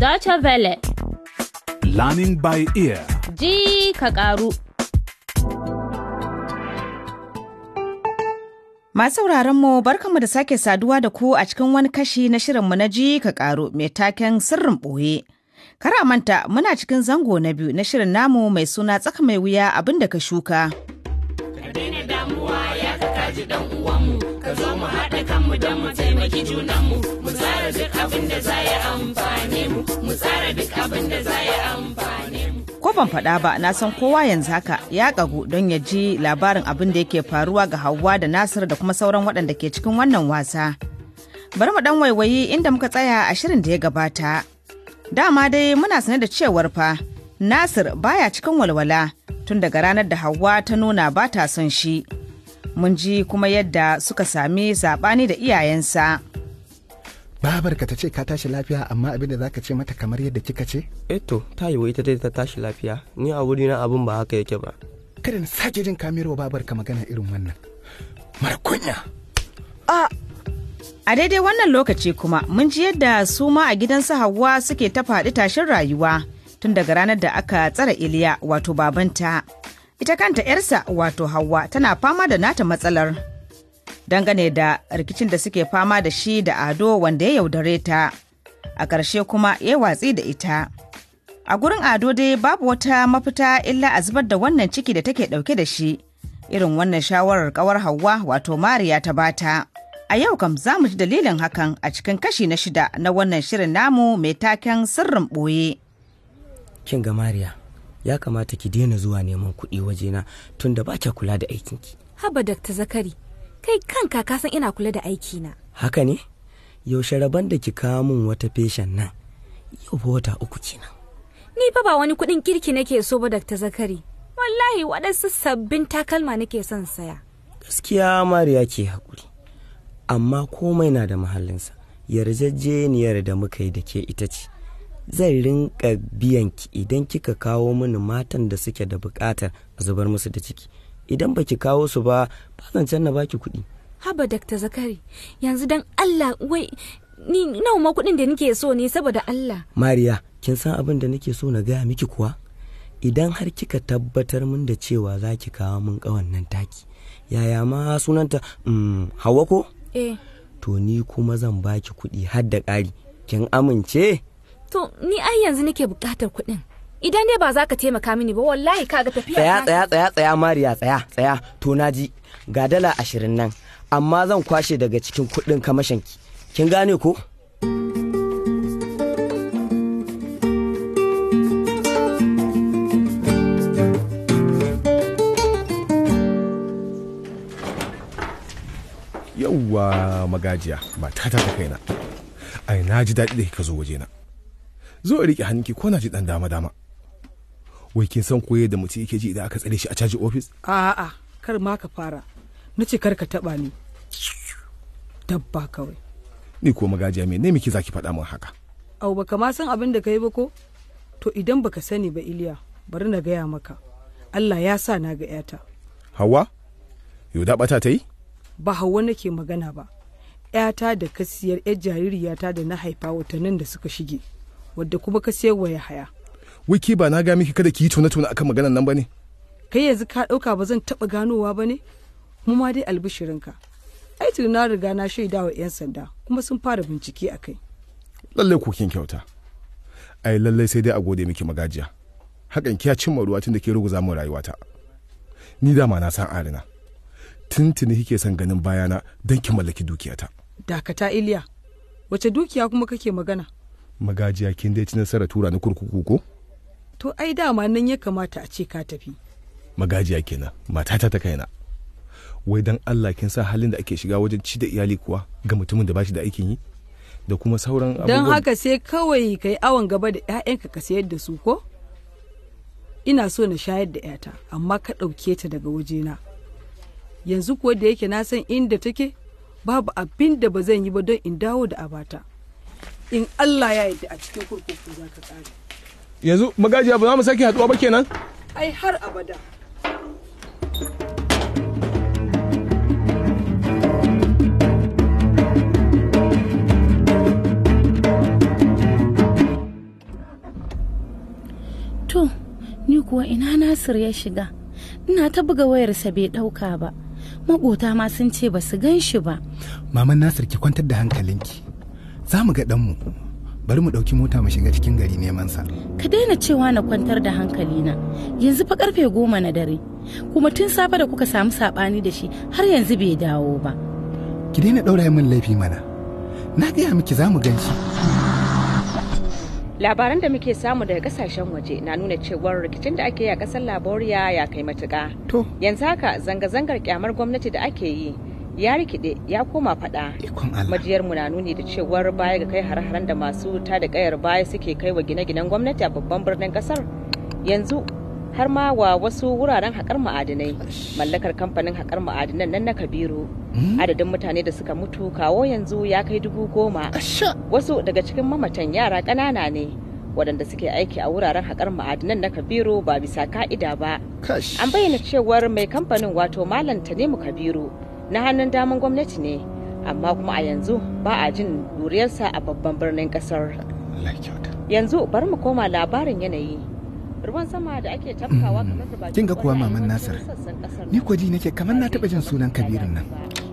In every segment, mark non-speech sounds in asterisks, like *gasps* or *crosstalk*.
Dacha Vele. Learning by ear. Ji ka karu. Masu mu barkanmu da sake saduwa da ku a cikin wani kashi na shirinmu na ji ka ƙaru mai taken sirrin ɓoye. Kara manta muna cikin zango na biyu na shirin namu mai suna tsaka mai wuya abinda ka shuka. Ka daina damuwa ji dan uwanmu ka zo mu haɗa kanmu don mu taimaki junanmu mu tsara duk abin da za ya amfane mu mu tsara duk abin da za ya amfane mu ko ban faɗa ba na san kowa yanzu haka ya ƙagu don ya ji labarin abin da yake faruwa ga Hauwa da Nasir da kuma sauran waɗanda ke cikin wannan wasa. Bari mu ɗan waiwayi inda muka tsaya a shirin da ya gabata. Dama dai muna sane da cewar fa Nasir baya cikin walwala tun daga ranar da Hauwa ta nuna ba ta son shi. mun ji kuma yadda suka sami saɓani da iyayensa babarka ta ce ka tashi lafiya amma abin da zaka ce mata kamar yadda kika ce eto eh ta yi ita ta tashi lafiya ni a wuri na abin ba haka yake ba kada na sake jin babar babarka magana irin wannan mara kunya a a daidai wannan lokaci kuma mun ji yadda su ma a gidan su hawa suke ta faɗi tashin rayuwa tun daga ranar da aka tsara iliya wato babanta ita kanta 'yarsa wato hawa tana fama da nata matsalar dangane da rikicin da suke fama da shi da ado wanda ya yaudare ta a ƙarshe kuma ya watsi da ita a gurin ado dai babu wata mafita illa a zubar da wannan ciki da take ɗauke da shi irin wannan shawarar ƙawar hawa wato mariya ta bata a yau kam za mu ji dalilin hakan a cikin kashi na shida na wannan shirin namu mai taken sirrin ɓoye ya kamata ki daina zuwa neman kuɗi wajena tunda ba kya kula da aikinki haba dakta zakari kai kanka ka san ina kula da aikina haka ne yaushe rabon da ki kawo min wata feshen nan yau ba wata uku kenan ni fa ba wani kuɗin kirki nake so ba dakta zakari wallahi waɗansu sabbin takalma nake son saya gaskiya mariya ke haƙuri amma komai na da mahallinsa yarjejeniyar da muka yi da ke ita ce Zan rinka biyan ki idan kika kawo mini matan da suke da bukatar a zubar musu da ciki idan baki kawo su ba ba zancen na baki kuɗi haba dakta zakari yanzu dan allah wai ni nawa ma kuɗin da nake so ne saboda allah mariya kin san abin da nake so na gaya miki kuwa idan har kika tabbatar min da cewa za ki kawo min kawan nan taki yaya ma sunanta mm, hawa ko eh to ni kuma zan baki kuɗi har da ƙari kin amince To ni ai yanzu nake buƙatar kuɗin. Idan ne ba za ka taimaka mini ba wallahi kaga tafiya. Tsaya tsaya tsaya tsaya Mariya tsaya tsaya to na ji ga dala ashirin nan amma zan kwashe daga cikin kuɗin ki Kin gane ko? Yauwa magajiya ba ta kaina. Ai na ji daɗi da kika zo wajena. zo riƙe hannunki ko na ji ɗan dama dama wai kin san koye da mutum yake ji idan aka tsare shi a caji ofis a'a kar ma ka fara na ce kar ka taɓa ni dabba kawai ni ko magajiya me ne miki zaki faɗa min haka au baka ma san abin da kai ba ko to idan baka sani ba iliya bari na gaya maka allah ya sa na ga yata hawa yau da bata ta yi ba hawa nake magana ba yata da kasiyar yar jaririyata da na haifa watannin da suka shige wadda kuma ka sayarwa ya haya wiki ba na ga miki kada ki yi tona-tona akan maganan nan ba ne kai yanzu ka ɗauka ba zan taɓa ganowa ba ne mu ma dai albishirinka ai na riga na shaida wa 'yan sanda kuma sun fara bincike a kai lallai kokin kyauta ai lallai sai dai a gode miki magajiya hakan kiya cimma ruwa tun da ke ruguza rayuwata ni dama na san arina tintini kike son ganin bayana don ki mallaki dukiyata dakata iliya wace dukiya kuma kake magana magajiya kin dai ci nasara tura ni kurkuku ko to ai dama nan ya kamata a ce ka tafi magajiya kenan matata ta kaina wai dan Allah kin sa halin da ake shiga wajen ci da iyali kuwa ga mutumin da bashi da aikin yi da kuma sauran abubuwan don haka sai kawai kai awon gaba da 'ya'yanka ka sayar da su ko ina so na shayar da 'yata amma ka ɗauke ta daga waje na yanzu kuwa da yake na san inda take babu abin da ba zan yi ba don in dawo da abata in Allah ya yarda a cikin kurkuku za ka tsare yanzu magajiya ba za mu sake haɗuwa ba kenan ai har abada To, ni kuwa ina Nasir ya shiga, ina ta buga wayarsa bai ɗauka ba, maƙota ma sun ce ba su gan shi ba. Maman Nasir ki kwantar da hankalinki, za mu ga ɗanmu bari mu ɗauki mota mu shiga cikin gari neman sa. Ka daina cewa na kwantar da hankali na yanzu fa karfe goma na dare kuma tun safe da kuka samu saɓani da shi har yanzu bai dawo ba. Ki daina ɗaura min laifi mana na gaya miki za mu gan shi. Labaran da muke samu daga kasashen waje na nuna cewar rikicin da ake yi a ƙasar Laboriya ya kai matuƙa. To. Yanzu haka zanga-zangar kyamar gwamnati da ake yi ya rikide ya koma fada majiyar mu na nuni da cewar baya ga kai har-haren da masu ta da kayar baya suke kai wa gine-ginen gwamnati a babban birnin kasar yanzu har ma wa wasu wuraren haƙar ma'adinai mallakar kamfanin haƙar ma'adinan nan na kabiru hmm? adadin mutane da suka mutu kawo yanzu ya kai dubu goma wasu daga cikin mamatan yara ƙanana ne waɗanda suke aiki a wuraren haƙar ma'adinan na kabiru ba bisa ka'ida ba an bayyana cewar mai kamfanin wato malam tanimu kabiru na hannun daman gwamnati ne amma kuma a yanzu ba a jin duriyarsa a babban birnin kasar yanzu bari mu koma labarin yanayi ruwan sama da ake tafkawa mm-hmm. kamar da kin ga kuwa maman nasir ni kwa ji nake kamar na taba jin sunan kabirin nan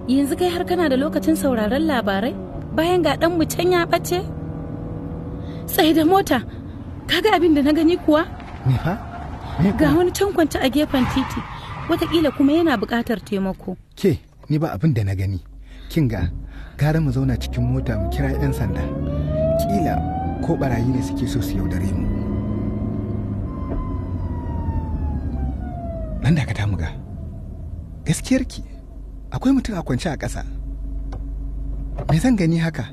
yanzu kai har kana da lokacin sauraron labarai bayan ga dan mu can ya bace sai da mota kaga abin da na gani kuwa ga wani can kwanta a gefen titi watakila kuma yana buƙatar taimako ke ni ba abin da na gani kin ga gara mu zauna cikin mota mu kira 'yan sanda kila ko barayi ne suke so su yaudare mu nan da ka ga gaskiyarki akwai mutum a kwance a ƙasa me zan gani haka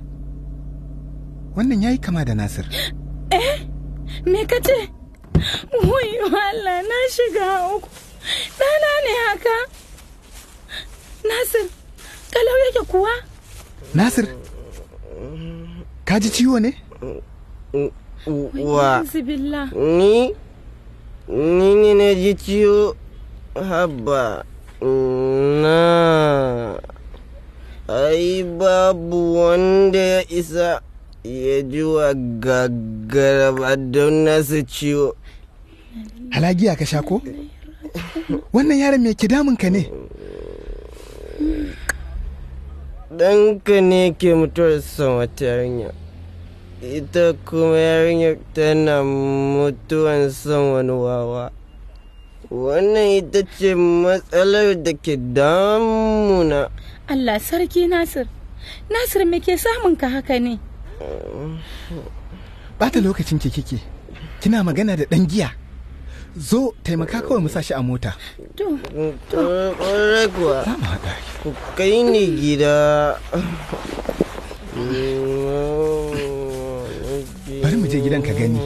wannan yayi kama da nasir *gasps* eh me ka ce Allah na shiga uku ɗana ne haka Nasir, kalau yake kuwa? Nasir, ka ji ciwo ne? Wa, ni, ni ne ne ji ciwo haba na. Ai, babu wanda ya isa ya ji wa gaggara don nasu ciwo. Halagiya ka sha ko? Wannan yaron mai ke damun ka ne? ɗanka ne ke mutuwar son wata yarinya ita kuma yarinyar tana mutuwan son wani wawa wannan ita ce matsalar da ke damuna allah sarki nasir nasir me ke samun ka haka ne ta lokacin ke kike kina magana da ɗan giya zo taimaka kawai musa shi a mota to to ku gida bari mu je gidan ka gani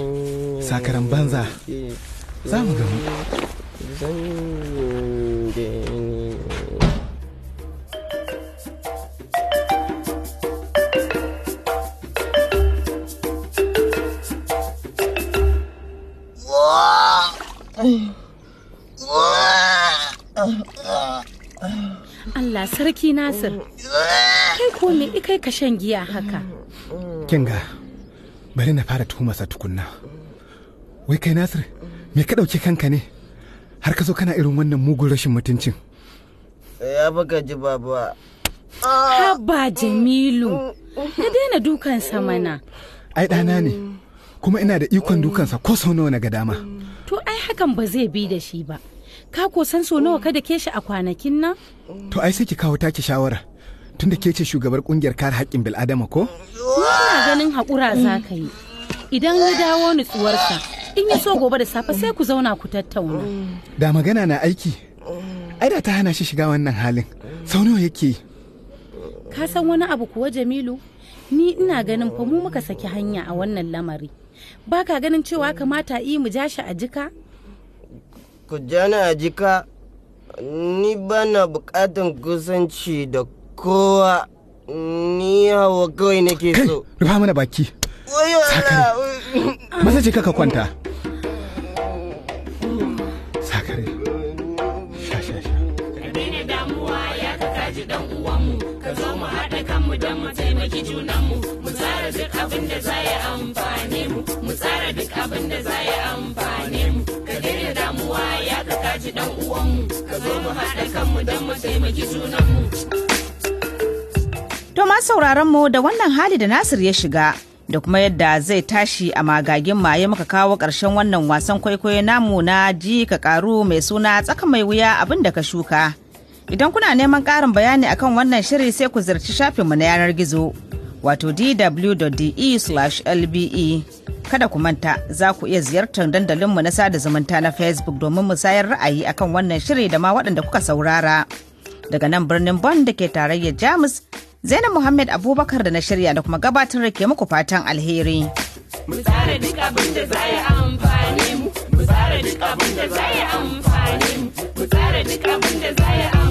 sakaran banza za mu gani Allah sarki Nasir, kai ko me ikai ka shan giya haka? Kinga, bari na fara tuhumarsa tukunna. Wai kai Nasir, me ka ɗauki kanka ne? Har ka zo kana irin wannan mugun rashin mutuncin. Ya baka ji baba. Haba Jamilu, na daina dukansa mana. Ai ɗana ne. kuma ina da ikon dukansa ko sau nawa na ga dama mm. to ai hakan ba zai bi da shi ba ka ko san so nawa kada ke shi a kwanakin nan to ai sai ki kawo taki shawara tunda ke ce shugabar kungiyar kare haƙƙin bil'adama ko ina ganin haƙura za ka yi idan ya dawo nutsuwarsa in ya so gobe da safe sai ku zauna ku tattauna da magana na aiki ai da ta hana shi shiga wannan halin sau nawa yake yi ka san wani abu kuwa jamilu ni ina ganin fa mu muka saki hanya a wannan lamari ba ka ganin cewa mm. kamata yi mu jashi shi a jika ku jana a jika ni bana bukatan kusanci da kowa ni hawa kawai nake so rufa mana baki Masa ce kaka kwanta taimaki junanmu mu tsara duk abin da za ya amfani mu mu tsara duk abin da za ya amfani mu ka daina damuwa ya ka kaji dan uwanmu ka zo mu haɗa kanmu don mu taimaki junanmu. To ma sauraron mu da wannan hali da Nasir ya shiga da kuma yadda zai tashi a magagin maye muka kawo ƙarshen wannan wasan kwaikwayo namu na ji ka karu mai suna tsaka mai wuya abin da ka shuka. Idan kuna neman ƙarin bayani akan wannan shiri sai ku zirci shafinmu na yanar gizo wato dw.de/lbe. Kada ku manta za ku iya ziyartar dandalinmu na sada zumunta na Facebook domin musayar ra'ayi akan wannan shiri da ma waɗanda kuka saurara. Daga nan birnin Bonn da ke tarayyar Jamus, Zainab Muhammad Abubakar da na shirya da kuma gabatar da ke muku fatan alheri. Mu tsara duk abin da za amfani mu, mu tsara duk abin da za amfani mu, mu tsara duk abin da za amfani